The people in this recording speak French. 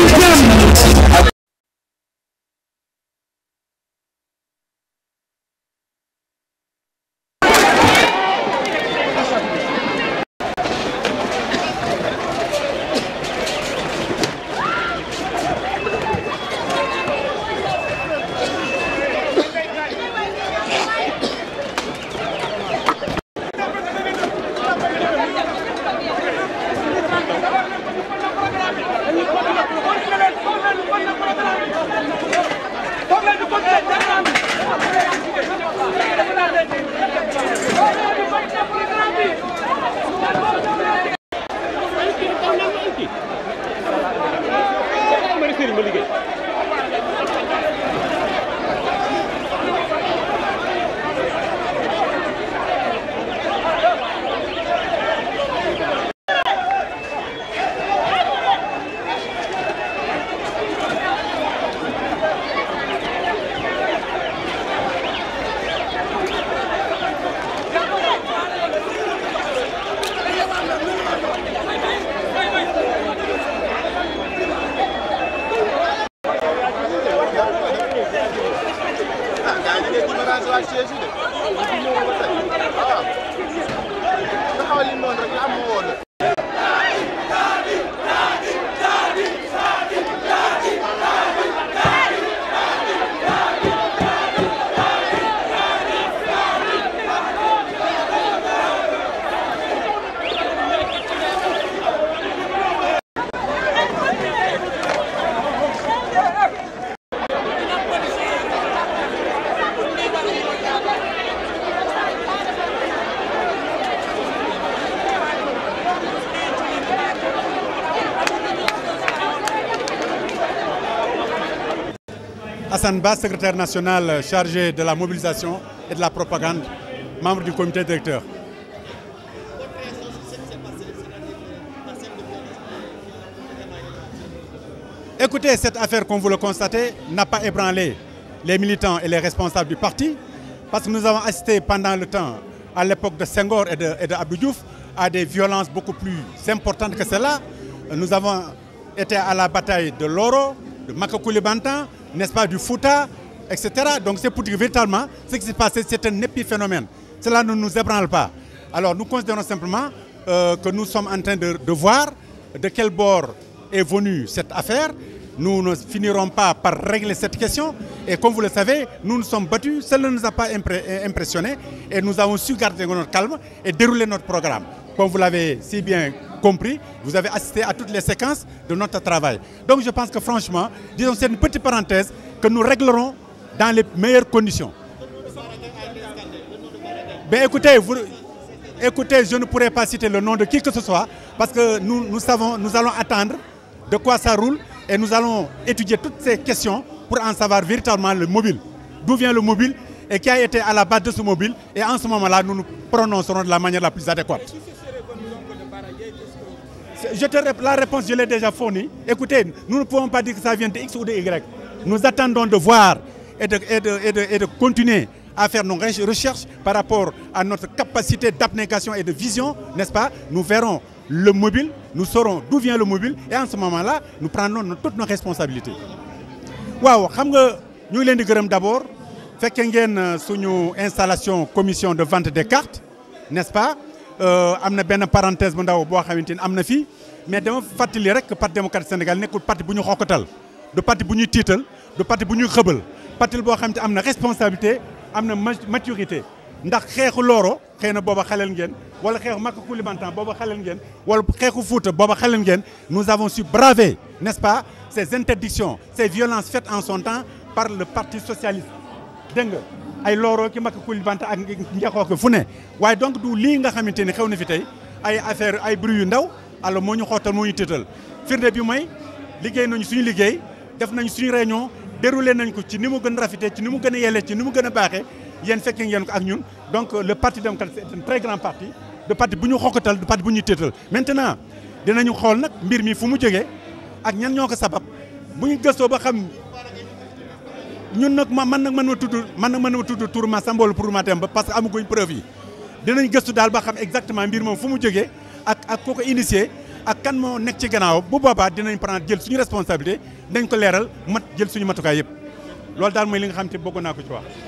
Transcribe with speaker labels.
Speaker 1: Yeah. Fuck taxi yee fii de. moom ba tey waaw. taxawal yi noonu rek la am ma woo la. Hassan secrétaire national chargé de la mobilisation et de la propagande, membre du comité directeur. Écoutez, cette affaire, comme vous le constatez, n'a pas ébranlé les militants et les responsables du parti, parce que nous avons assisté pendant le temps, à l'époque de Senghor et de, et de à des violences beaucoup plus importantes que cela. Nous avons été à la bataille de Loro, de Makakouli n'est-ce pas, du Fouta, etc. Donc c'est pour dire véritablement ce qui s'est passé, c'est un épiphénomène. Cela ne nous ébranle pas. Alors nous considérons simplement euh, que nous sommes en train de, de, voir de quel bord est venue cette affaire. Nous ne finirons pas par régler cette question. Et comme vous le savez, nous nous sommes battus. Cela ne nous a pas impressionnés. Et nous avons su garder notre calme et dérouler notre programme. Comme vous l'avez si bien compris, vous avez assisté à toutes les séquences de notre travail. Donc je pense que franchement, disons c'est une petite parenthèse que nous réglerons dans les meilleures conditions. Ben, écoutez, écoutez, je ne pourrais pas citer le nom de qui que ce soit parce que nous, nous savons, nous allons attendre de quoi ça roule et nous allons étudier toutes ces questions pour en savoir véritablement le mobile. D'où vient le mobile et qui a été à la base de ce mobile. Et en ce moment-là, nous nous prononcerons de la manière la plus adéquate je te, la réponse, je l'ai déjà fournie. Écoutez, nous ne pouvons pas dire que ça vient de X ou de Y. Nous attendons de voir et de, continuer à faire nos recherches par rapport à notre capacité d'abnégation et de vision, n'est-ce pas Nous verrons le mobile, nous saurons d'où vient le mobile et en ce moment-là, nous prenons toutes nos responsabilités. Waouh, nous l'indiquons d'abord, fait qu'il y une installation commission de vente des cartes, n'est-ce pas euh, amna ben parenthèse bu ndaw bo xamante amna fi mais dama fatali rek que parti démocratique sénégal nekul parti bu ñu xokkatal du parti bu ñuy tiital du parti bu ñuy xëbal parti bo xamante amna responsabilité amna maturité ndax xéxu Loro xëy na booba xaleel ngeen wala xéxu Maka Koulibantang booba xaleel ngeen wala xéxu Fouta booba xaleel ngeen nous avons su braver n'est-ce pas ces interdictions ces violences faites en son temps par le parti socialiste dégg ay loro ki makka kuli bant ak njaxoo ko fu ne waaye donc du li nga xamanteni xewna fi tay ay affaire ay bruit yu ndaw alors moñu xotal moñu moo firnde bi may liggey nañu suñu liggey def nañ suñu réunion déroulé nañ ko ci nimu gën rafité ci nimu gën a ci nimu gën baxé yeen yéen fekkee ngeen ko ak ñun donc le parti démocrate c'est un très grand parti de parti buñu xokatal de parti buñu ñu maintenant dinañu xol nak mbir mi fu mu jógee ak ñan ñoko sabab buñu ñu ba xam ñun nag ma man nag mën ma tudd man nag mën ma tudd tur ma sambool pour ma dem ba parce que amaguñ preuve yi dinañ gëstu daal ba xam exactement mbir moom fu mu jógee ak ak koo ko ak kan moo nekk ci gannaaw bu boobaa dinañ prendre jël suñu responsabilité dañ ko leeral mat jël suñu matukaay yëpp loolu daal mooy li nga xam te bëgg naa ko ci